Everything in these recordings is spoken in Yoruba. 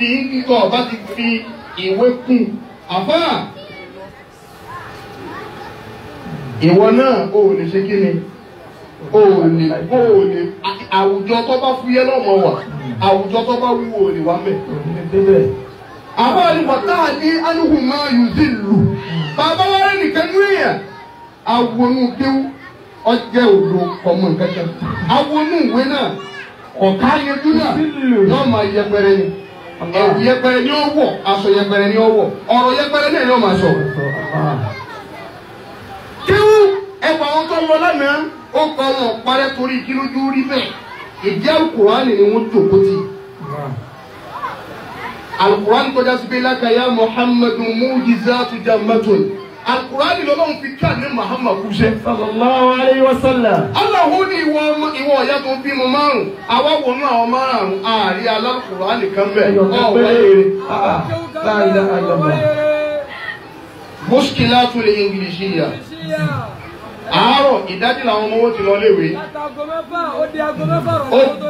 fi kíkọ́ bá ti fi ìwé kún àfá ìwọ náà o ò lè ṣe o ò lè o ò lè àwùjọ tó bá lọ́mọ wà àwùjọ tó bá wú o lè wá mẹ́. àbá ni bàtà ní anuhùnmá yùzí lù bàbá wa rẹ nìkan ẹ̀wù yẹpẹrẹ ni ó wọ̀ aṣọ yẹpẹrẹ ni ó wọ̀ ọ̀rọ̀ yẹpẹrẹ náà ni ó máa sọ. kíwú ẹ̀wù àwọn tó lọ lánàá ó kọ́ wọn parẹ́ torí kílódú rí bẹ́ẹ̀ ìdí alukurani ni wọ́n jòkó ti. alukurani tó dá sí lákàyà muhammadu mujizatu jammatun. alukurani lọ́lọ́run fi kí àní mahama kú ṣe. sallallahu alayhi wa sallam. ni ìwọ ọya ọ̀yá tó bímọ márùn àwa wọnú àwọn márùn àárí alukurani kan bẹ́ẹ̀ ọ̀wá èrè. Ah, ah. muskila tún lè ingilishi ya. àárọ̀ ìdájí làwọn ọmọ owó ti lọ léwe.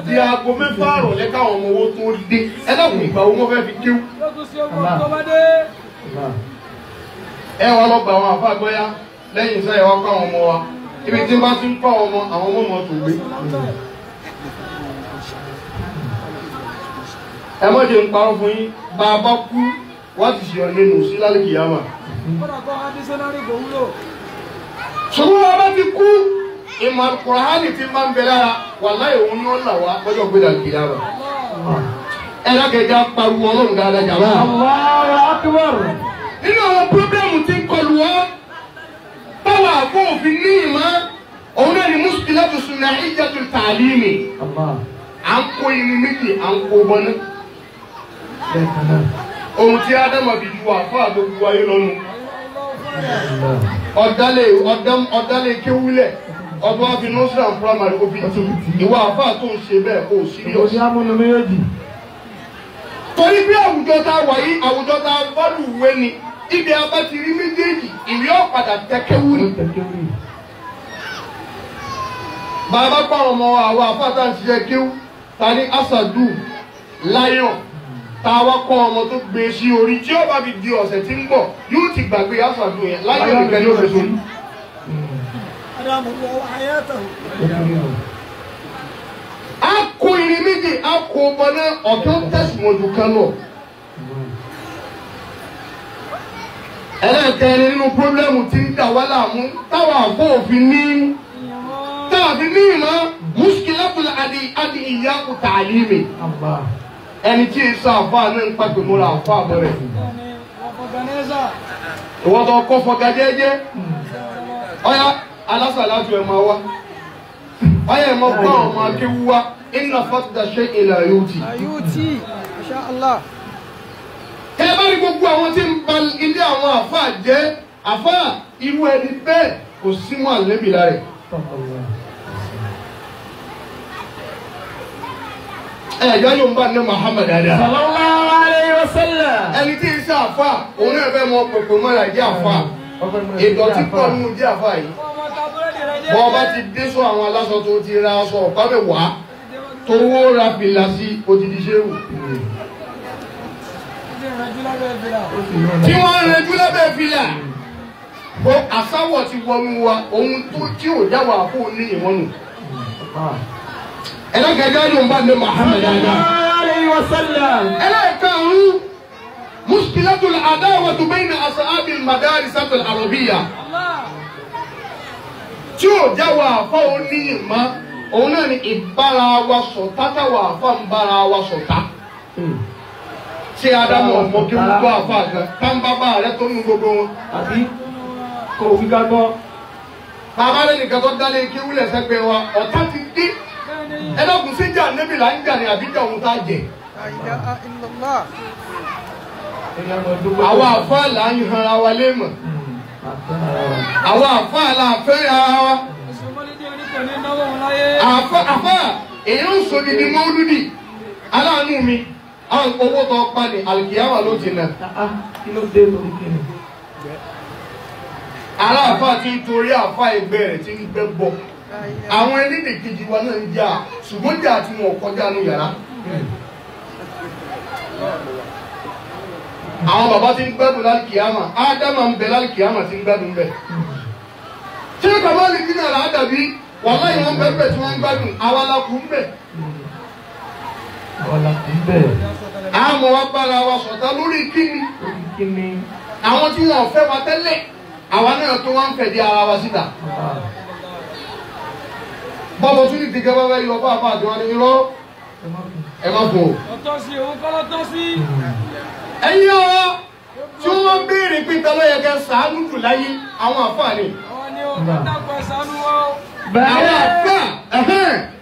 di aago mẹ́fà ọmọ owó tó dé ẹ dákun ìgbà fẹ́ fi ẹ wá àwọn àfàgbọ́yá lẹ́yìn iṣẹ́ ẹ àwọn ọmọ wa ibi tí n bá ti ń kọ́ ọmọ àwọn ọmọ mọ̀ tó gbé. ẹ mọ̀ jẹ́ ń fún yín bá a bá kú wọ́n ti ṣèyàn nínú kìyàmà. wọn bá ti kú ti máa ń òun là wá lọ́jọ́ nínú àwọn pírọ́blẹ́mù tí ń kọlù ọ́ báwa àfọ òfin ní ìmọ̀ òun náà ni muskilatu sunaiyatul ta'limi à ń kó irin méjì à ń kó bọ́nú. ohun tí ádámà fi ju àfọ àgbègbè ayé lọ́nu ọ̀dálẹ̀ ọ̀dálẹ̀ kéwúlẹ̀ ọdún wa fi nursery primary obi ti ìwà àbá tó ń ṣe bẹ́ẹ̀ kó o serious. ìwé amúnú méjèèjì. torí bí àwùjọ ta wà yí àwùjọ ta bọ́ọ̀lù wé ni ibi abatiri méjèèjì ìwé ọ̀padà tẹ́kẹ́wù ni. bàbá pa ọmọ àwọn àfáàtà ń ṣiṣẹ́ kíw ta ní asadu lion ta wá kọ́ ọmọ tó gbé sí orí tí ó bá fi di ọ̀sẹ̀ tí ń bọ̀ yóò ti gbàgbé asadu yẹn lion nìkan yóò fi sórí. a kó irin méjì a kó ọmọ náà ọ̀tún tẹ̀sùn kan náà. ẹlẹ́ẹ̀kẹrin nínú pọ́blẹ́mù tí ń dà wá láàmú táwọn àpò òfin ní táàbí ní ìmọ̀ mùsùlùmí adi adi ìyá òtà àlímì ẹni tí èso àfáà náà ń pàpè múra àfáà bẹ̀rẹ̀ ìwọ́n tó kọ́ fọ́gà jẹ́jẹ́ ọ̀yá alásàlátù ẹ̀ máa wá ọ̀yá ẹ̀ máa bá ọmọ akéwu wá ìnáfàtà ṣe ìlà yóò tì bá rí gbogbo àwọn tí ń ba ilé àwọn àfáà jẹ́ àfáà irú ẹni bẹ́ẹ̀ kò sí mọ́ àlébì lára ẹ̀. ẹ̀yọ́ yóò ń bá ní Muhammad dada. sallallahu alayhi wa sallam. ẹni tí ń ṣe àfa òun náà fẹ́ mọ pèpè mọ́ra jẹ́ àfa ìdọ̀tí pọ̀ nínú jẹ́ àfa yìí. bọ́ ọba ti dé sọ àwọn aláṣọ tó ti ra aṣọ ọ̀pá mẹ́wàá tó wó ra fìlà sí odidi ṣéwù tí wọ́n ń rẹjú lábẹ́ fìlà ó àsáwọ̀ ti wọnú wa ohun tó tí ò já wà fún ní ìwọ́n nù. ẹlẹ́gẹ̀dẹ́ ló ń bá ní Muhammad ada. ẹlẹ́kàrún muskilatul adawatu bayna ashabil madarisatul arabiyya tí ò já wà fún ní ìmọ̀ òun náà ni ìbára wa sọ̀tá táwa àfa ń bára wa sọ̀tá. Mm ṣé ádámù ọ̀pọ̀ kí wọ́n tó àfa kan táǹbàbà rẹ tó nu gbogbo wọn. àbí kò wí ká gbọ́. bàbá rẹ nìkan tó dálé kí wúlẹ̀ sẹ́gbẹ́ wa ọ̀tá ti dé ẹlọ́gùn síjà níbi là ń jà ní àbíjà òun tá jẹ. àwa àfáà là ń hanra wa lé mọ̀ àwa àfáà là ń fẹ́rẹ̀ ara wa. àfáà èyí ń sọ ibi mọ́lúdì aláàánú mi à ń gbowó tó pa ní àlùkìyàwó ló ti nà. Ah, ah, kí ló dé lórí kí ni. ará àfa ti ń torí àfa ẹgbẹ́ rẹ̀ ti ń gbẹ́ bọ̀ àwọn ẹlẹ́dẹ̀ kejì wa náà ń jà ṣùgbọ́n jà tí wọn kọjá ní yàrá. àwọn bàbá ti ń gbẹ́dùn lálùkìyàmà ádámà ń bẹ lálùkìyàmà ti ń gbẹ́dùn bẹ́ẹ̀ tí bàbá lè dín náà àdàbí wàhálà yìí wọn bẹ̀rẹ̀ tí wọ́n ń gbádùn àwa la kù ń àmọ́ wa bára wa sọ̀tá lórí kíni àwọn tí wọn fẹ́ wa tẹ́lẹ̀ àwa náà tó wá ń fẹ̀ di ara wa síta. bọ́bọ̀ tún ní dìgẹ́ bá bẹ́ẹ̀ yọ bá bá àti wọn ní irọ́ ẹ má kú. ọ̀tọ̀ sí òun kọ́ lọ́tọ̀ sí. ẹ̀yin ọ̀rọ̀ tí wọ́n béèrè pé ta ló yẹ kẹ́ ṣàánú jù láyé àwọn àfààní. àwọn ni ó ń dàgbà ṣàánú wọn. bẹ́ẹ̀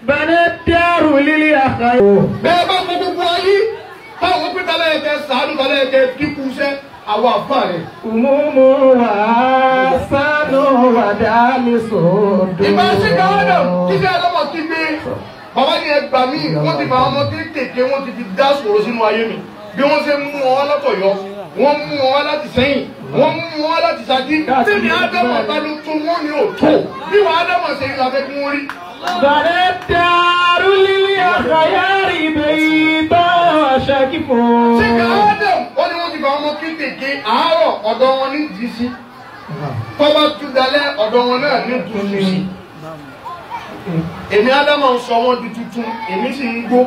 bẹ́ẹ̀ dẹ́rù lílé àkàyè. bẹ́ẹ̀ bá kọ́ tó kẹ́ dínkù iṣẹ́ àwọn àfúà rẹ̀. Òmùmù wà sánú wà dání sòdò. Ìgbà sí káwọ́dọ̀ kíkẹ́ ọlọ́mọ ti gbé. Bàbá ni gbà mí, wọ́n ti máa ọmọ kéékèèké, wọ́n ti fi dá sòrò sínú ayé mi. Bí wọ́n ṣe mú ọ lọ́kọ̀ọ́yọ́, wọ́n mú ọ láti sẹ́yìn wọ́n mú wọn láti ṣáájú tèmi ádámọ̀ bá ló tún wọ́n ní òtó bí wọ́n ádámọ̀ ṣe ìlà fẹ́ kún rí. bàrẹ dàrú lílé àkàyà rí ibè ibà ṣàkíkò. ṣé kàá dà di àárọ̀ ọ̀dọ̀ wọn ní jì sí tọ́ba tún dalẹ̀ ọ̀dọ̀ wọn náà ní dùn sí èmi ádámà ń sọ wọn di tuntun èmi sì ń gbó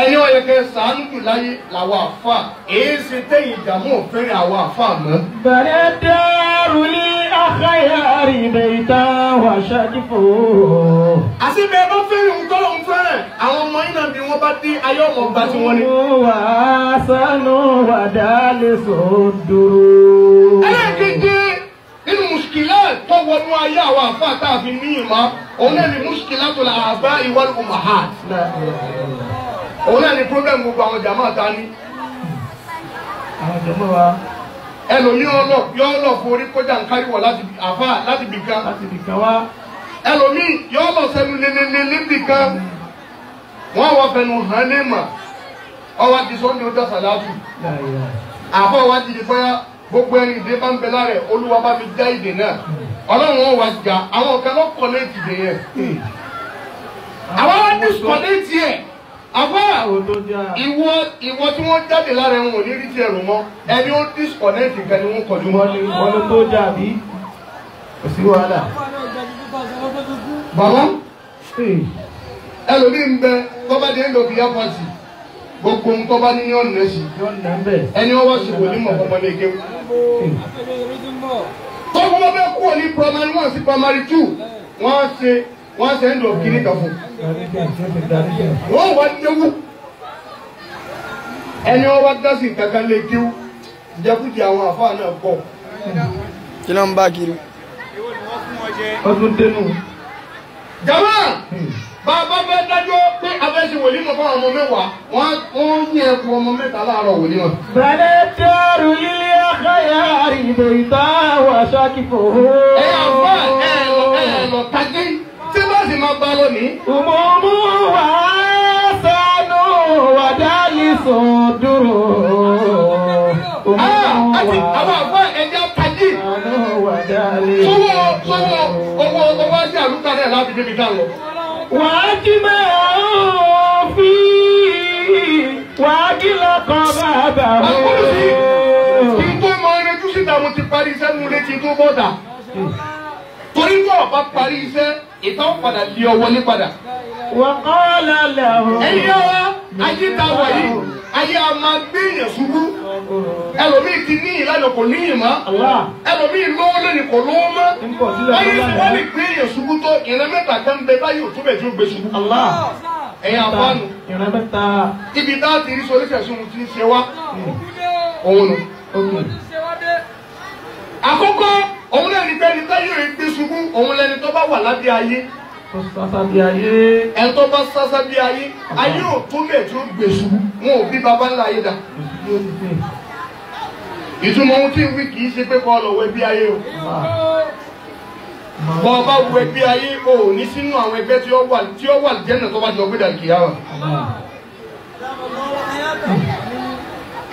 ẹni wọn yẹ kẹ sànù jù láyé làwọn àfa èyí ṣe tẹ ìdààmú òfin àwọn àfa mọ. bẹ̀rẹ̀ dẹ́rù ní àkàyàrí ìbẹ̀yìntà wà ṣáàjìfò. àti bẹ́ẹ̀ bá fẹ́ ìhun tó ń fẹ́rẹ̀ àwọn ọmọ iná bí wọ́n bá dé ayé ọmọ ọba tí wọ́n ní. wà á sánú wà dálé sòdòrò. ẹlẹ́ẹ̀kejì nínú mùsùlùmí tó ayé àwọn àfa tá a fi ní ìmọ̀ òun náà látọ̀ làbá òun náà ni problem gbogbo àwọn jàmọ́ ta ní. àwọn jàmọ́ ọlọ yọ ọlọ forí wọ láti àfa láti bì kan. láti bì kan wá. yọ ọlọ sẹnu kan. wọn wọ fẹnu hàn ní mà ọwọ àti sọ ní ọjọ gbogbo ẹni ìdè bá ń bẹ lára olúwa bá mi ìdè náà hmm. ọlọ́run wá jà àwọn lọ́kọ̀ọ́ lẹ́ẹ̀tì dè hmm. àbá ìwọ ìwọ tí wọ́n jáde lára ẹ̀wọ̀n ní rí ti ẹ̀rù mọ́ ẹni ó disconnect kan ni wọ́n kọjú wọn ní. wọn ló tó dà bí kò sí wàhálà. bàbá ẹlòmíì ń bẹ bọ́bá dé ń lò bíyà pàtì gbogbo nǹkan bá ní ní ọ̀nà ẹ̀sìn ẹni ọwọ́ sì wò ní mọ̀kànmọ́ ní kéwù. tọ́kọ́ bá bẹ́ẹ̀ kúrò ní primary one sí primary two wọ́n á ṣe wọ́n ṣe ń lò kíní kan fún. wọ́n wá déwú ẹni wọ́n wá dásì kankan lè kíw jẹkújẹ àwọn àfáà náà pọ̀. kí ló ń bá kiri. ọdún dénú. jama hmm. bàbá bẹ dájọ́ pé abẹ́sí wòlí mọ̀ fún ọmọ mẹ́wàá wọ́n wọ́n ní ẹ̀kú ọmọ mẹ́ta láàárọ̀ wòlí mọ̀. bẹ̀rẹ̀ tẹ́rù ilé akáyà àrìndò ìta wàṣà kìfò. ẹ àfọ ẹ lọ ẹ lọ tají tí mo gbọ́ lónìí. Umumu wa sanu wa dali soduro. Ah, àti àwọn àgbọ̀ ẹja tají. Owó owó owó owó ọjà àlùkà náà láti débi dá lọ. Wà á jí máa ń fi wà á jí lọ́kàn bàbá mi. Àkóso kí n tó mọ irinjú síta mo ti parí iṣẹ́ nulẹ̀ kí n tó bọ̀dà. Hmm. Torí tó ọ̀bá parí iṣẹ́ ìtàn padà di ọwọ́ ní padà. wàhálà làwọn. ẹ̀yin ọwọ́ ayé ta wà yìí ayé a máa gbéyàn ṣubú ẹlòmíì ti ní ìlànà kò ní ìmọ̀ ẹlòmíì lówó lónìí kò lówó mọ́ ayé ti wọ́n lè gbéyàn ṣubú tó ìran mẹ́ta kan bẹ báyìí ò túbẹ̀ tí ó gbé ṣubú. ẹ̀yin àbánu ibi tá a ti rí solúṣẹ̀sùn ti ń ṣe wá hmm. òun nù. àkọ́kọ́ òun lẹ́ni pẹ́ni táyé rẹ̀ gbé ṣubú òun lẹ́ni tó bá wà lábẹ́ ayé. sasa sásá bí ayé. ẹ tó bá sásá bí ayé ayé ò tó bẹ̀ tí ó gbé ṣubú wọn ò bí baba ńlá ayé dà. ìtumọ̀ ohun tí n wí kì í ṣe pé kọ́ ọ lọ wẹ bí ayé o ah. bọ́ ọ bá wù ẹgbẹ́ ayé o ò ní sínú àwọn ẹgbẹ́ tí ó wà tí ó wà jẹ́nà tó bá jọ gbé dàkí yàrá. Ah.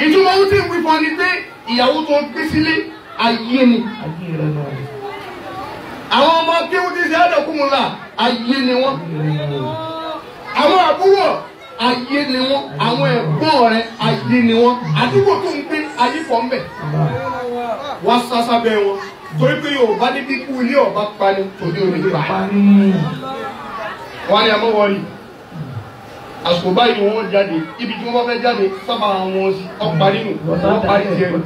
ìtumọ̀ ohun tí ń wí fún ni pé ìyàwó tó gbé sílé ayé ni àwọn ọmọ kéwú ti ṣe àdàkùnmù la ayé ni wọn àwọn àbúrò ayé ni wọn àwọn ẹ̀gbọ́n rẹ ayé ni wọn àdúgbò tó ń gbé ayé pọ̀ ń bẹ̀ wá sásá bẹ́ẹ̀ wọn torí pé yorùbá ní kíkú ilé ọba pani tòde òní gbà wọn ni àmọ́ wọ́n rí àsìkò báyìí wọ́n jáde ibi tí wọ́n bá fẹ́ jáde sábà wọn sí ọ̀parí nù wọ́n parí jẹ́ nù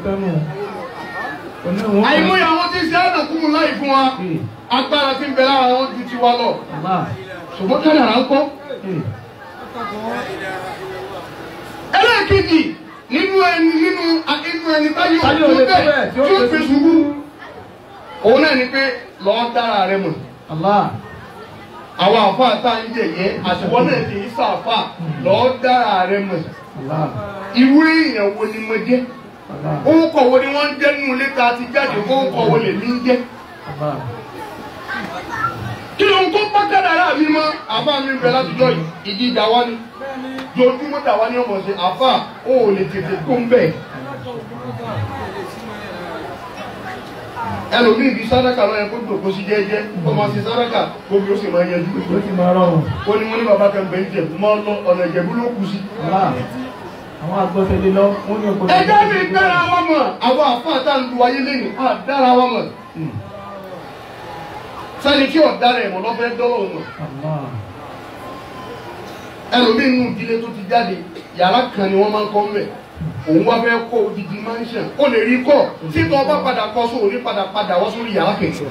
àìmọye àwọn tí ń ṣe àdàkùnrin láì fún wa hmm. agbára tí ń bẹ lára wọn ju tiwa lọ ṣùgbọ́n kádàrá ń kọ́. Hmm. ẹlẹ́ẹ̀kejì nínú ẹni nínú inú ẹni báyìí ò tó bẹ́ẹ̀ tí ó fi ṣubú òun náà ni pé lọ́ọ́ dára rẹ mọ̀ àwọn àfáà tá ń yẹ̀yẹ́ àṣìwọ́n náà kì í sàfà hmm. lọ́ọ́ dára rẹ mọ̀ irú èèyàn wo ni mo jẹ́ orúkọ wo ni wọ́n ń jẹ́ nínú ilé ta ti jáde orúkọ wo lè mí jẹ́ kí ló ń kó pákádàrá mi mọ́ àbá mi bẹ̀ látijọ́ ìdí ìdá wa ni jojúmọ́ dà wá ní ọmọ ṣe àbá ó lè tètè tó ń bẹ̀. ẹlòmíì bíi sádàkà lọ yẹn kó gbòkó sí jẹ́jẹ́ ọmọ sí sádàkà kó bí ó sì máa yẹjú. ó ní wọn ní bàbá kan bẹ́ẹ̀ jẹ̀ mọ́ ọ̀nà ìjẹ̀bú ló kù sí àwọn agbọ́sẹ̀lẹ̀ lọ wọ́n ní ọgbọ́n. ẹ jẹ́ mi dára wọn mọ̀ àwọn àfáà tá à ń lu ayé lẹ́yìn á dára wọn mọ̀. Hmm. sani kí ọ̀daràn ẹ̀mọ́ lọ́fẹ́ dọ́lọ́ wọn. ẹlòmíín nù ìdílé tó ti jáde yàrá kan ni wọ́n máa ń kọ́ ń bẹ̀ òun wá fẹ́ kọ́ odidi mansion ó lè rí kọ́ títọ́ bá padà kọ́ sóò ní padà padà wọ́n sórí yàrá kejì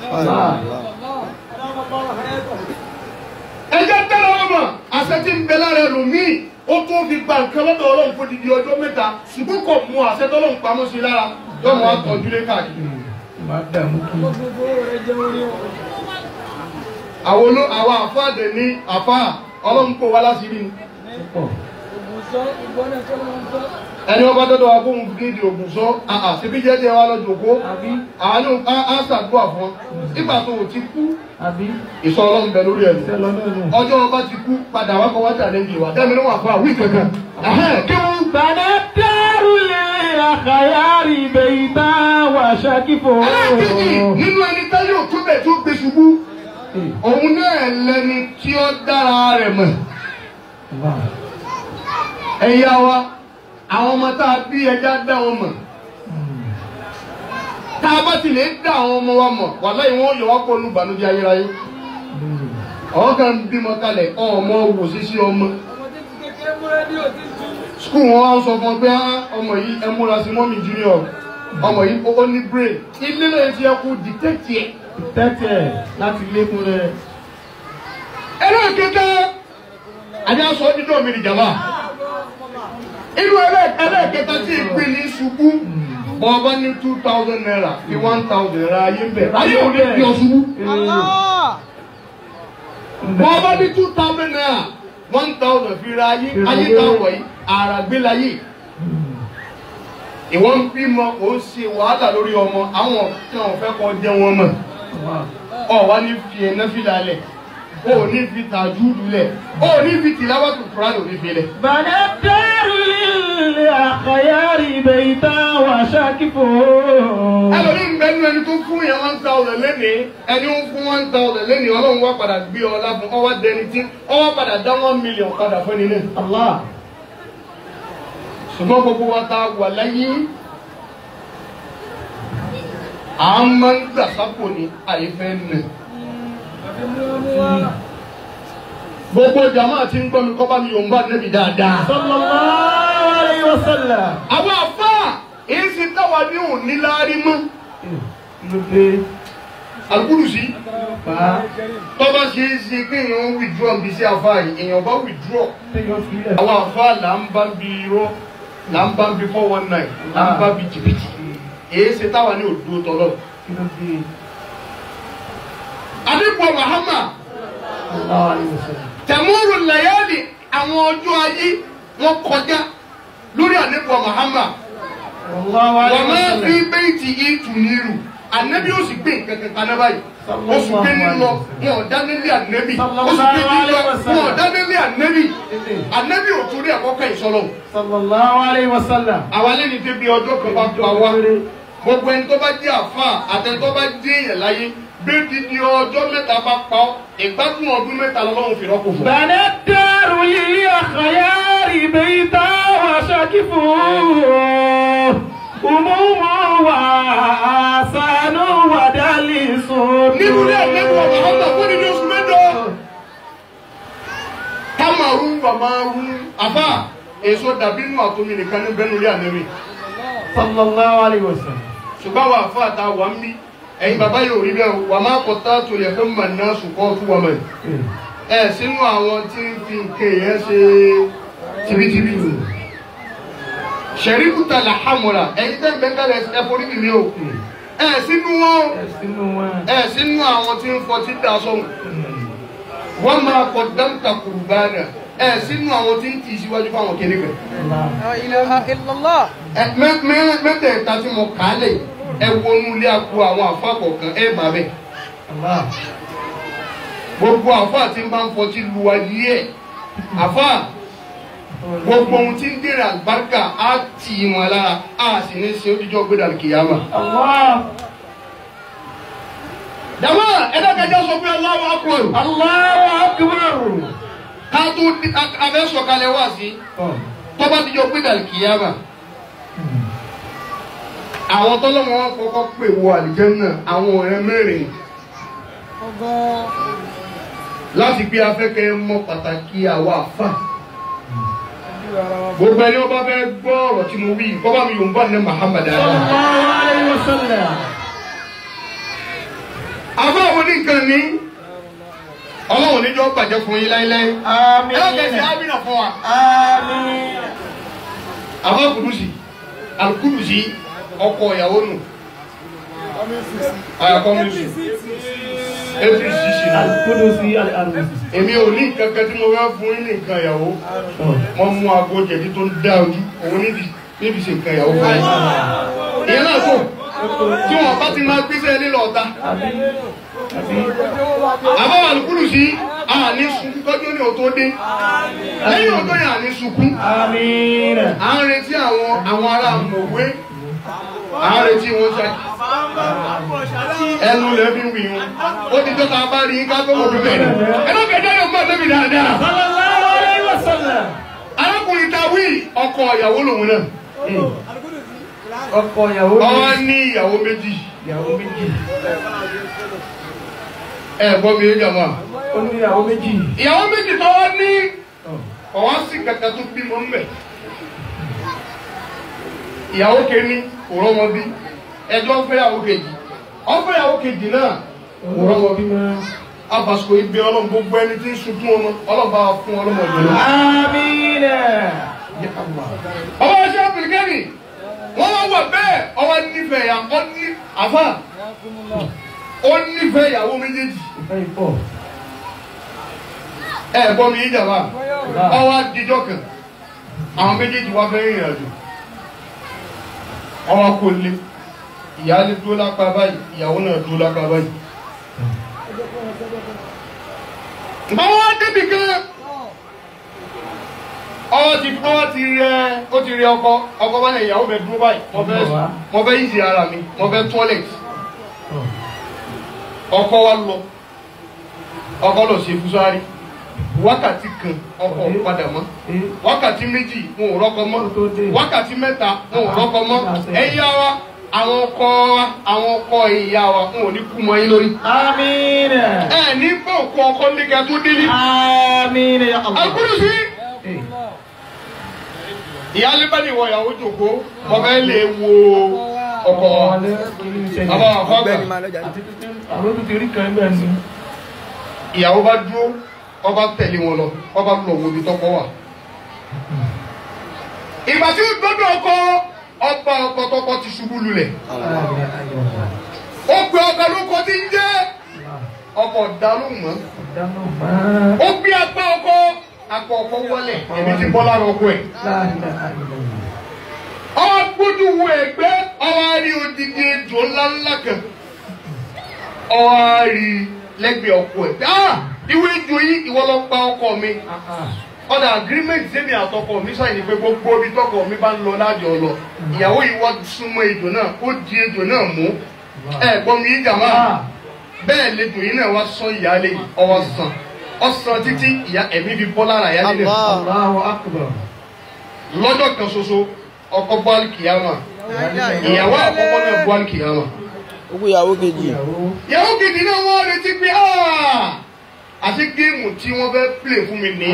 ẹ jẹ́ dára wọn mọ̀ àṣẹ ti ń bẹ lára ẹlòmíín ó tó fi gba nǹkan lọ́dọ̀ ọlọ́run fún didi ọjọ́ mẹ́ta ṣùgbọ́n kò mú àṣẹ tọ́lọ́run pamọ́ sí lára yọmọ àtọ́jú lé káàkiri. àwọn àfáà dẹ̀ ní àfáà ọlọ́run kò wá láti rí ni ẹni ọba dọ́dọ̀ wa fún gidi ògùn sọ àà síbí jẹ́jẹ́ wa lọ́jọ́ kó àánú àṣàdúrà fún ìgbà tó ti kú ìsọ ọlọ́run bẹ lórí ẹ̀mí ọjọ́ ọba ti kú padà wá kọ́ wá tàlẹ́ yìí wá dẹ́mi ló wà fún àwí kankan. kí n gbàdá dẹ́rù lè àkàyàrí ibẹ̀ ìta wà ṣàkífò. alákejì nínú ẹni táyé òtúbẹ̀ tó gbé ṣubú òun náà lẹni tí ó dára rẹ̀ mọ̀. ẹ̀yà wa àwọn ọmọ tá a bí a bá ti lè ọmọ wa mọ̀ wàláhì wọ́n yọ wá kó nu ìbànújẹ́ ayérayé àwọn ọmọ wò ọmọ skul wọn sọ fún ọ ah, ọmọ yìí ẹ múra ọmọ yìí ó ní brain ilé náà ti ẹkú dìtẹ́tì ẹ̀. dìtẹ́tì irú ẹlẹ́ẹ̀kẹta tí ìpín ní ṣubú hmm. bọ́ọ̀bá ní two thousand naira fi hmm. one thousand naira ayé bẹ̀ ayé ò ní fi ọ̀ṣubú. Hmm. bọ́ọ̀bá ní two thousand naira one thousand fi ra ayé ayé táwọn yìí àràgbé láyé ìwọ ń bímọ kò ń ṣe wàhálà lórí ọmọ àwọn tí wọn fẹ́ kọ́ jẹ́ wọn mọ̀ ọ̀ wá ní fi ẹ̀ náfìlà lẹ̀ o ni ní fi tàjúdù lẹ̀ o ò ní fi tìláwàtò kúrá lò ní fi lẹ̀. bàdà dẹ́rù ilé àkàyárí ibẹ̀ ìta wà ṣàkífò. ẹni tó fún yẹn one thousand lẹ́nìí ẹni ó fún one thousand lẹ́nìí ọlọ́run wá padà gbé ọ lábùn ọwọ́ dẹni tí ọwọ́ padà dá one million padà fún ẹni náà. ṣùgbọ́n gbogbo wa ta wà láyé à máa ń gbà sápò ní àyè fẹ́ nù gbogbo jama ti ń gbọ́ mi mi yòówù bá nẹ́bi dáadáa. sallallahu alaihi wasallam. àwọn àfa èyí sì táwa ní òun níláárí mọ́. alukulusi tọ́ba ṣe é afa yìí èèyàn bá withdraw. àwọn afa là ń bá bí irọ́ là ń bá bí four one nine là ń bá bí jìbìtì hmm. èyí nípa Muhammad tẹmúrù lẹyẹlì àwọn ọjọ́ ayé wọn kọjá lórí ànípa Muhammad wọn máa fi bẹ́ẹ̀tì yìí tù nírù ànẹ́bí ó sì gbé kẹ̀kẹ́ kaná báyìí ó sì gbé nílọ wọn ò dá nílé ànẹ́bí ó sì gbé nílọ wọn ò dá nílé ànẹ́bí ànẹ́bí ò torí àkọ́kọ́ ìsọlọ. sallallahu alaihi wasallam. àwa lẹ́ni débi ọjọ́ kan bá tó àwa gbogbo ẹni tó bá jẹ́ àfa àtẹni tó bá jẹ́ èèyàn láyé bébí di ọjọ́ mẹ́ta bá pa ọ́ ìgbádùn ọdún mẹ́ta lọ́wọ́ fi rọ́pò fún. bàdé dẹrù yìí àkàyà ìbí ìta wà ṣáàkì fún umumu wa sanu wa dali sun. nínú ilé ẹ̀mẹ́wọ̀ àwọn ọmọ fún nínú oṣù mẹ́jọ. kamaru bamaru afa èso dàbí inú àtúnmí nìkan ní bẹ́ẹ̀ nílé àná mi. sallallahu alayhi wa sallam. ṣùgbọ́n àwọn àfa àtàwọn mi ẹ̀yin bàbá yìí ò rí bẹ́ẹ̀ wà má kọ́ tá tó yẹ fún màá náà sùn kọ́ fún wa mọ̀ ẹ̀ sínú àwọn tí ń fi nǹkan yẹn ṣe tibitibi nù sẹ̀ríkù tà làhámọ́ra ẹ̀yin tẹ́ bẹ́ẹ̀ bẹ́ẹ̀ ẹ forí mi mi o ẹ̀ sínú wọn ẹ̀ sínú àwọn tí ń fọtí dà sọ́hùn wọ́n máa kọ́ dáńtà kùrùbánà ẹ̀ sínú àwọn tí ń tì í síwájú fáwọn kéde pẹ̀. mẹ́tẹ̀ẹ̀ta tí mo kà á lẹ́yìn ẹ wọnú ilé àpò àwọn àfa kọ̀ọ̀kan ẹ bà bẹ́ẹ̀ gbogbo àfa tí ń bá ń fọtí lu ayé ẹ àfa gbogbo ohun tí ń dèrè àgbàkà á tì í wọn lára á sì ní ṣe ó díjọ́ gbé dàlùkì yá mà. dàmà ẹ̀dá kẹjọ sọ pé Allahu akbar. Allahu akbar. ká tó abẹ́ sọ̀kalẹ̀ wá sí oh. tọ́ba díjọ́ gbé dàlùkì yá àwọn tọ́lọ́mọ wọn kọ́kọ́ pè wọ àlìjẹ́nà àwọn ọ̀rẹ́ mẹ́rin láti gbé afẹ́kẹ́ mọ pàtàkì àwọn àfà gbogbo ẹni wọn bá fẹ́ gbọ́ ọ̀rọ̀ tí mo wí bọ́bá mi yóò ń bọ̀ ní Muhammad ali. àbá òun ní ní ọlọ́run níjọ́ bàjẹ́ fún yín láíláí. àmín ẹlọ́kẹ̀sì fún wa. àbá kùdùsì alùkùdùsì ọkọ ìyàwó nù àkọ́mísù apc ṣì nù. èmi ò ní nǹkan kan tí mo fẹ́ fún yín ní nǹkan ìyàwó mo mú aago jẹ̀bi tó ń dá ojú òun níbi ṣe nǹkan ìyàwó fún yín. ìyẹn náà tó tí wọn bá ti máa gbé sẹ́yìn nílò ọ̀tá. àbáwá alukúlù sí àní sunkún tọ́jú ní òtó dé lẹ́yìn òtó yẹn àní sunkún. à ń retí àwọn ará mọ̀wé à ń retí wọn ṣá ẹnu lè fi wì wọn ó ti dọ́ta bá rí ká tó wọ́n fi bẹ̀rẹ̀ ẹnu kẹjọ yóò mọ̀ lóbi dáadáa. arákùnrin ta wí ọkọ ìyàwó lòun náà ọkọ ìyàwó méjì ọwọ́ ní ìyàwó méjì ìyàwó méjì ẹ gbọ́ mi yóò jàmọ́ ó ní ìyàwó méjì ìyàwó méjì tó wọ́n ní ọ̀wá sí kàkà tó bímọ ń ìyàwó kẹ́ni. kò rọ́mọ bí ẹjọ́ fẹ́yàwó kejì ọ́n kejì náà kò rọ́mọ bí ibi ọlọ́run gbogbo ẹni tí ń sunkún ọmọ ọlọ́ba fún ọlọ́mọ ìjọba. amiina. ọba ṣe àpèkẹ́rì wọ́n wá wà bẹ́ẹ̀ ọba nífẹ̀ẹ́ yà ọ́ ní àfà méjèèjì ẹ mi ọwọ́ adijọ́ kan wọ́n wá kó lé ìyáálé dúró lápá báyìí ìyàwó náà dúró lápá báyìí. báwọn á débi gan ọwọ́ ti fún ọwọ́ ti rẹ ó ti rẹ ọkọ ọkọ bá ní ìyàwó bẹ dúró báyìí mo fẹ́ mo fẹ́ yíyí ara mi mo fẹ́ tọ́lẹ̀tì oh. ọkọ wa lọ ọkọ lọ sí fúsárì wákàtí kan ọkọ padà mọ́ wákàtí méjì wọn ò rọ́kọ mọ́ wákàtí mẹ́ta wọn ò rọ́kọ mọ́ ẹ̀yin ara àwọn ọkọ wa àwọn ọkọ ìyá wa n ò ní kú mọ́ yín lórí. ẹ ní bá òkú ọkọ ní kẹtún délé. amiina ya Allah. akúrú sí ìyáálé bá ọbẹ̀ lè wo ọkọ̀ ọmọ ọkọ̀ ọgbà. ìyàwó bá dúró ọba tẹ̀lé wọn lọ ọba lọ wo ibi tọ́kọ wà. ìgbà tí gbọ́dọ̀ ọkọ ọba ọkọ tọkọ ti ṣubú lulẹ̀ ó pe ọkọ lóko tí ń jẹ́ ọkọ dàlú mọ́ ó gbé apá ọkọ apá ọkọ wọlé ẹ̀mí ti bọ́ lára ọkọ ẹ̀ ọgbójú wo ẹgbẹ́ ọwọ́ rí odidi ejò ńláńlá kan ọwọ́ rí lẹ́gbẹ̀ẹ́ ọkọ ẹ̀ dáa. Ah! iwe ju yín ìwọ lọ pa ọkọ mi ọ̀dà agreement gbogbo omi tọkọ mi bá lọ lájọ lọ mm. ìyàwó yìí wọ́n súnmọ́ náà ó di náà mú ẹ mi yín ah. bẹ́ẹ̀ yìí náà wá sọ ìyáálé ọwọ́ sàn títí ìyá ẹ̀mí fi bọ́ lára ìyá nílẹ̀ lọ́jọ́ kan ọkọ ìyàwó àkọ́kọ́ náà ìyàwó kejì. náà wọ́n retí pé ah! àti géèmù tí wọ́n fẹ́ play fún mi ní.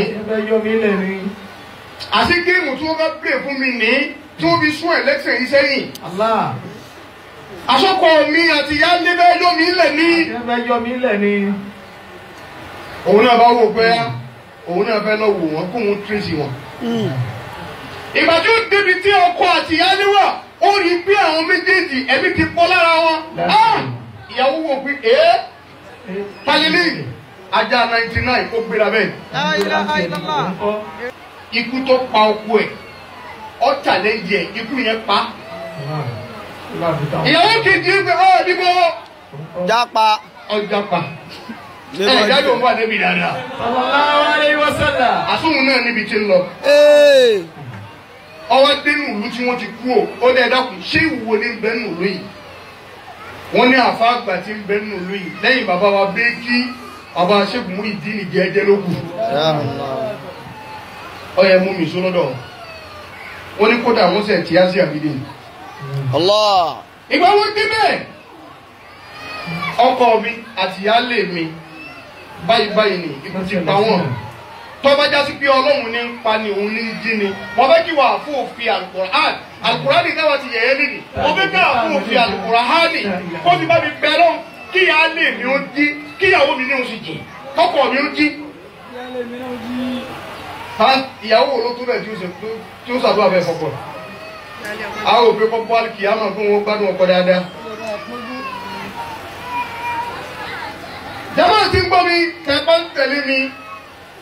àti géèmù tí wọ́n fẹ́ play fún mi ní tí wọ́n fi sún election yìí sẹ́yìn. àsọkọ mi àti ìyá ní bẹ́ẹ̀ yọ mí lẹ̀ ní. bẹ́ẹ̀ yọ mí lẹ̀ ní. òun náà bá wò pé òun náà fẹ́ lọ wò wọ́n kóun tracy wọn. Hmm. ìgbà tí ó débi tí ọkọ àti ìyá níwà ó rí bí àwọn méjèèjì ẹ̀mí ti pọ́ lára wọn. Ah! ìyàwó wò pé ẹ́ pálí ajá ninety nine ó gbéra bẹ́ẹ̀. ikú tó pa ọkọ ẹ̀ ọ́ challenge ẹ̀ ikú yẹn pa. ìyàwó kejì ẹgbẹ́ ọ́ níbo. jápa. ọ jápa. ẹ jáde òun wà níbi dáadáa. sallallahu alaihi wasallam. àsùnwòn náà níbi tí ń lọ. ọwọ́ dénú ìlú tí wọ́n ti kú o ó dẹ́ dákun ṣé ìwúwo ní bẹ́ẹ̀ nù lóyìn wọ́n ní àfa àgbà tí ń bẹ́ẹ̀ nù lóyìn lẹ́yìn bàbá wa bẹ́ẹ̀ kí bàbá ṣẹ́gun mú ìdí nìjẹ́ ẹjẹ́ ló kù mú mi sólọ́dọ̀ wọ́n ní kódà wọ́n sẹ̀ tí sí àbídé ìgbà wọ́n dé ọkọ mi àti mi báyìí báyìí ni ikú ti pa wọ́n tọ́ba pé ọlọ́run ní ń pa ni òun ní jí ni mo fẹ́ kí wà á fún òfin alukur'an alukur'an ní káwá ti yẹ̀ nìyí mo fẹ́ kí wà á fún òfin alukur'an kó ti bá mi bẹ́ẹ̀ lọ́hùn kí alẹ́ mi ó jí kí ìyàwó mi ní oṣù jì kọ́kọ mi ó jí. ìyàwó wo ló tún bẹ̀ tí ó ṣàdúrà bẹ́ẹ̀ fọkọ rẹ̀ a ò fi pọ́pọ́ àlùkì àmọ̀ fún wọn gbádùn ọkọ dáadáa. jama ti ń gbọ́ mi tẹ́pá ń tẹ̀lé mi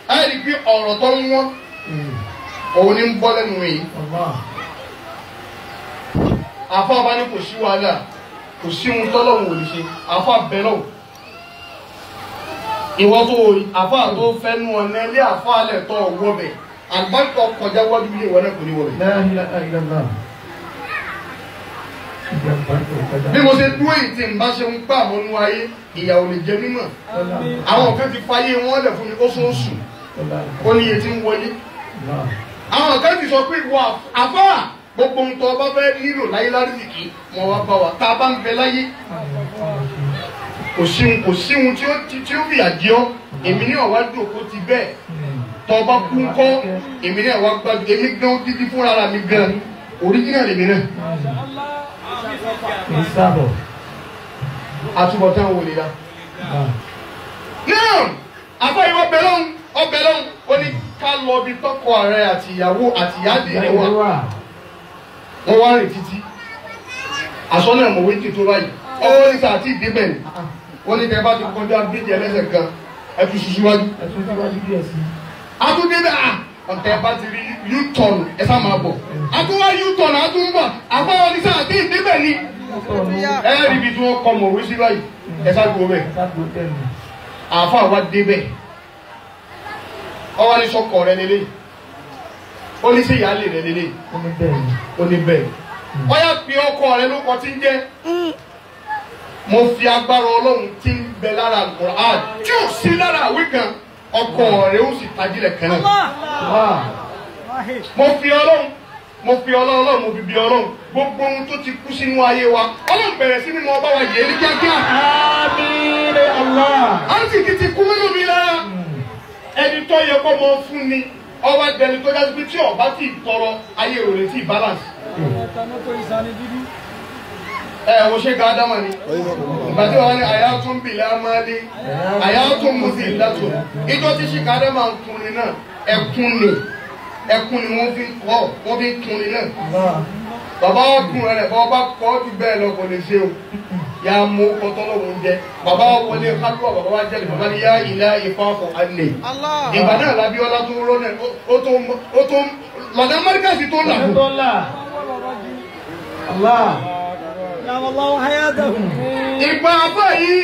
a yẹ kí ọ̀rọ̀ tó ń wọ́n òun ní ń bọ́ lẹ́nu yìí. àfọwọ́ bá sí wàhálà kò sí ohun tọ́lọ́hún ò lè ṣe àfa bẹ́lọ̀ ìwọ tó àfa tó fẹ́nu ọ̀nà ilé àfa alẹ̀ tọ́ ọ̀wọ́ bẹ̀ àgbáńkọ kọjá wájú ilé ìwọ náà kò ní wọlé. bí mo ṣe dúró yìí tí bá ṣe ń gbà mọ́nú ayé ìyàwó lè jẹ mímọ̀ àwọn kan ti fayé wọn lẹ̀ fún mi oṣooṣù ó ní iye ń wọlé àwọn kan ti sọ pé ìwọ àfáà gbogbo ń tọ́ ọba fẹ́ nílò láyé lárìsìkì wọn wá bá wa tá a bá ń bẹ láyé kò síhun kò síhun tí ó tí ó fìyà jẹ ọ èmi ní ọ̀wá jòkó ti bẹ́ẹ̀ tọ́ ọba kú ń kọ́ èmi ní ọ̀wá gbàgbé èmi gan títí fúnra ra mi gan oríjìnà lèmi náà. ìsàbọ̀. àtúbọ̀tán wò lè la. náà àbá ìwọ bẹ̀rẹ̀ ọbẹ̀ lọ́hùn ó ní ká lọ bí tọkọ rẹ àti ìyàwó àti ìyáàdì rẹ wà wọ́n wá rìn títí àsọ́nà ìmọ̀wé ti tó báyìí ọwọ́ ní sáà tí ìdíbẹ̀ ni wọ́n ní tẹ́ bá ti kọjá bíríjì ẹlẹ́sẹ̀ kan ẹ fi ṣíṣí wájú. àtúndé bẹ́ẹ̀ à ọ̀tẹ̀ bá ti rí u-turn ẹ sá máa bọ̀ àtúwá u àtúnbọ̀ àpáwọ̀ ní sáà tí ìdíbẹ̀ ni ẹ rí ibi tí wọ́n kọ mọ̀wé sí báyìí ẹ sá gbọ́ bẹ́ẹ̀ àfa wa débẹ̀ ọwọ́ ní sọ́kọ̀ rẹ lélẹ́yìí ó ìyáálé rẹ lélẹ̀ ó ní bẹ́ẹ̀ hmm. ó yá ọkọ rẹ ló tí ń jẹ́ hmm. mo fi agbára ọlọ́run tí ń bẹ lára Al-Qur'an tí sí lára àwí ọkọ rẹ ó sì tajílẹ̀ kan mo fi ọlọ́run mo fi ọlọ́run ọlọ́run mo fi bí ọlọ́run gbogbo ohun tó ti kú sínú ayé wa ọlọ́run bẹ̀rẹ̀ sí ni mo bá wa yẹ ní kíákíá. àmín Allah. àǹtí kìí lára ẹni tó yẹ kó mọ fún ni ọwọ́ ẹgbẹ́ni tó dájú pé tí ọba ti tọrọ ayé ìròyìn ti balance. ẹ ẹ wo ṣe ga adama ni ìgbà tí wọn ní àyà tún bìlẹ̀ amáde àyà tún mùsì ìlàtò ìjọ tí ṣe ga adama ń kunni náà ẹkún ni ẹkún ni wọn fi kọ wọn fi kunni náà bàbá ọkùnrin rẹ bàbá kọ́ ju bẹ́ẹ̀ lọ kò lè ṣe o yà á mú kọ́tọ́lọ́hún jẹ bàbá wọlé kálúwà bàbá wa jẹlẹ bàbá ni yá ilá ifá fọ alẹ ìgbà náà labiola tó ń rọ́nà ó tó ń lọ́dọ̀ amẹ́ríkà sì tó ń là fún. ìgbà àbá yìí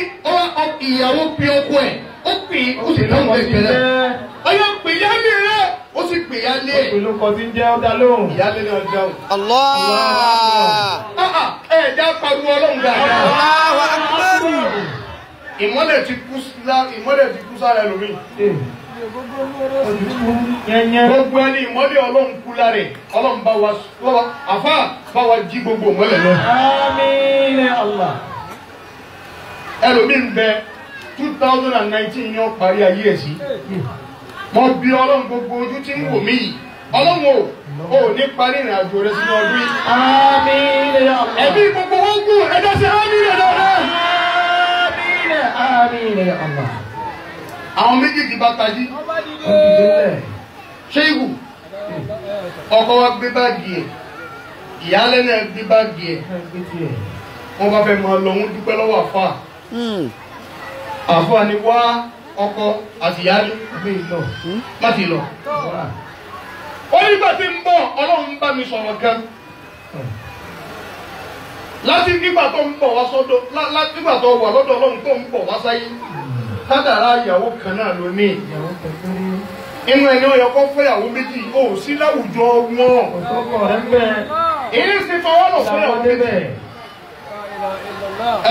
ìyàwó pe ọkọ ẹ̀ ó pè ó sì dáhùn ẹgbẹ́ rẹ̀ ọyọ pè yá lè e, ó sì pè yá lé. E. òpèlú kan ti ń jẹ́ ọ́ lóhùn. ìyá lé e ni ẹ ah, ah, ẹ dá pariwo ìmọ́lẹ̀ ti kú sára ẹlòmíì gbogbo ẹni ìmọ́lẹ̀ ọlọ́run kú lára ọlọ́run bá wa lọ́wọ́ àfá bá wa jí gbogbo ìmọ́lẹ̀ lọ. ẹlòmíì ń bẹ two thousand and nineteen ni ó parí ayé ẹ̀ sí. mo bí ọlọ́run gbogbo ojú tí ń wò mí ọlọ́run o o ní parí ìrìn àjò rẹ sínú ọdún yìí. àmín ẹbí gbogbo wọn kú ẹjọ sí àmín rẹ dáadáa. àmín àmín Allah. àwọn méjèèjì bá tají. ṣéyìkù ọkọ wa gbé báàgì ẹ ìyálé náà gbé báàgì ẹ wọn bá fẹ́ máa lọ wọn dúpẹ́ lọ́wọ́ àfa hmm. àfa ni wá ọkọ àtìyálé láti lọ ó nígbà tí ń bọ̀ ọlọ́run bá mi sọ̀rọ̀ gan láti nígbà tó ń bọ̀ wá sọ́dọ̀ láti nígbà tó wà lọ́dọ̀ ọlọ́run tó ń bọ̀ wá sáyé kádàrá ìyàwó kan náà ló ní inú ẹni ọyọ kọ fẹ́yàwó méjì ó sí láwùjọ wọn èyí sì fọwọ́ lọ fẹ́yàwó méjì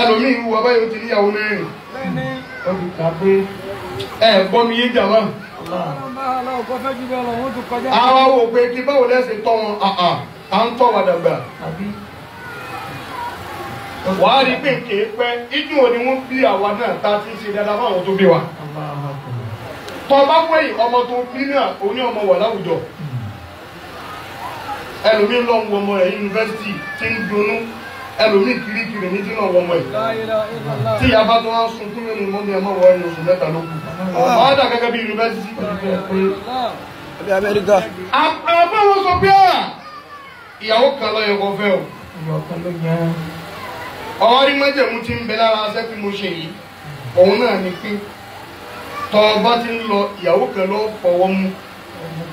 ẹlòmíì wù wá báyìí ó ti níyàwó mẹ́rin ẹ gbọ́ mi yé jàmá àwọn wo pé kí báwo lẹ́sìn tọ́ wọn à ń tọ́ wa dàgbà wà á rí pé kéèpẹ́ ijú òní wọ́n bí àwa náà ta ti ṣe dáadáa fáwọn tó bí wa tọ́ bá wẹ̀yìn ọmọ tó bí náà oní ọmọ wà láwùjọ ẹlòmíín lọ́wọ́ ọmọ rẹ̀ yunifásitì ti ń dunnú ẹlòmíì kirikiri ní dínà wọmọ yìí tí ìyá bá tó wá sunkún nínú mọ́ ní ẹmọ wọ́n ní oṣù mẹ́ta ló kù ọmọ ọ̀dà gẹ́gẹ́ bí yunifásitì pé Amẹ́ríkà. àbá wọn sọ pé ah, ìyàwó kan lọ yẹ kó fẹ́ o. ọwọ́ rí májẹ̀mú ti ń bẹ lára aṣẹ́ tí mo ṣe yìí òun náà ni pé tọ́ ọ bá ti ń lọ ìyàwó kan lọ fọwọ́ mú.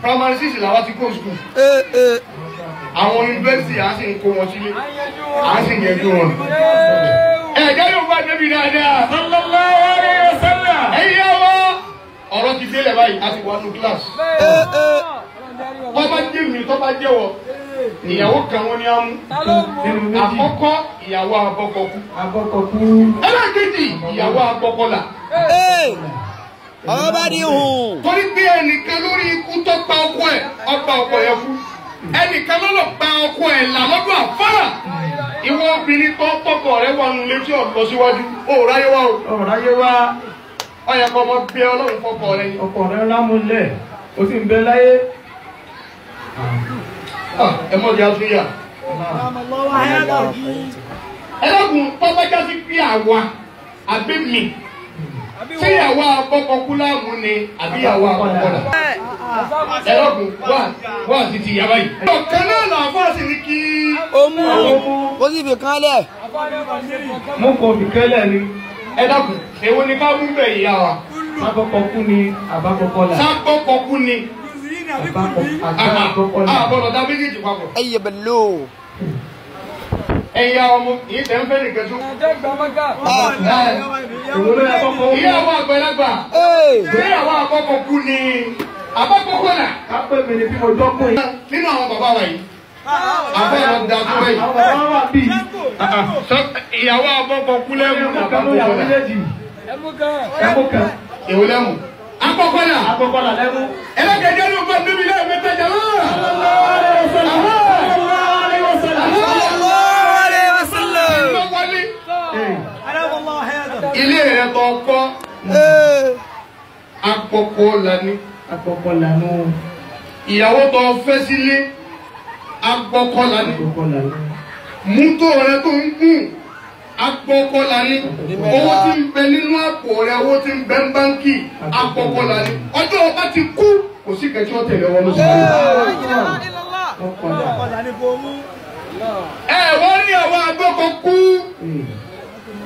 primary six làwọn ti go school àwọn yunifásitì à ń sì ń kó wọn sílé à ń sì ń yẹjú wọn. ẹ̀jẹ̀ yóò bá débi dáadáa. sallallahu alayhi wa sallam. ẹ̀yin yà wá ọ̀rọ̀ ti délẹ̀ báyìí a ti wà nù kíláàsì. tọ́ba jẹ́ mi tọ́ba jẹ́ wọ ìyàwó kan wọn ni a mú àkọ́kọ́ ìyàwó abọ́kọ̀kú. ẹlẹ́kejì ìyàwó abọ́kọ̀là ọ̀rọ̀ bá di hùn. torí pé ẹnìkan lórí ikú tó pa ọkọ ẹ̀ ọgbà ọkọ yẹn fún ẹnìkan ló lọ gba ọkọ ẹ̀ là lọ́dún àfárà ìwọ obìnrin tó tọkọ rẹ wà nulẹ tí ò lọ síwájú ó ráyé wá o. ó ráyé wá. ọyẹ kọ ọmọ bíi ọlọ́run fọkọ rẹ. ọkọ rẹ lámúlẹ̀ o sì ń bẹ láyé. ẹ mọ̀ di àtúnyà. ẹ lọ́gùn tọ́lájà sí pé àwa àbẹ́mi ṣé ìyàwó àkọ́kọ́ kúláàmù ni àbí ìyàwó àkọ́kọ́ la. ẹlọ́gùn wà wà sí ti yàrá yìí. ọ̀kan náà là ń fọ́ sí ni kí. ó mú ó sì fi kán lẹ̀. mo kò fi kán lẹ̀ ni. ẹ dákun èwo ni ká mú bẹ̀ ìyá wa. sákọ́kọ́ kú ni àbákọ́kọ́ la. sákọ́kọ́ kú ni àbákọ́kọ́ la. Ah, ah, ah, àbọ̀dọ̀ dá méjèèjì papọ̀. ẹ yẹ bẹ̀ lóo ẹ̀yà ọmọ yìí tẹ̀ ń fẹ́ nìkan tó. Ah, ìyàwó ah. àgbàlagbà ìyàwó àkọ́kọ́ kú ni àbákọ́kọ́ náà. kápẹ́ mi ni bí mo dọ́kùn yìí. nínú àwọn bàbá wa yìí ah, àbẹ́ àwọn da tó bẹ́yìí. ìyàwó àkọ́kọ́ kú lẹ́mú àbákọ́kọ́ náà. ẹ̀mú kan. èwo lẹ́mú. àkọ́kọ́ náà. àkọ́kọ́ náà lẹ́mú. ẹlẹ́kẹ̀ẹ́dẹ́ ló gbọ́ níbi lẹ́yìn mẹ́tẹ́jà lọ́wọ́. ilé rẹ tó kọ́ apọ̀pọ̀ eh. lani. apọ̀pọ̀ lani o. ìyàwó tó fẹ́ sílé apọ̀pọ̀ lani. apọ̀pọ̀ lani. mútó rẹ tó ń gùn apọ̀kọ́lá ni owó tí ń bẹ nínú àpò rẹ owó tí ń bẹ ń báńkì apọ̀kọ́lá ni ọjọ́ ọba ti kú kò sí kẹ̀kẹ́ ọ̀tẹ̀ rẹ wọn lọ́sọ̀rọ̀. ẹ wọ́n ní àwọn agbọ́kọ̀ kú eh.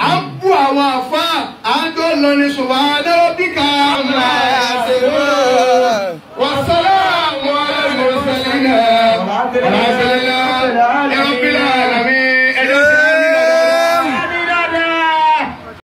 à ń bú àwọn àfa à ń tó lọ ní ṣùgbọ́n adébíkà. ọmọ àti wò wọ́n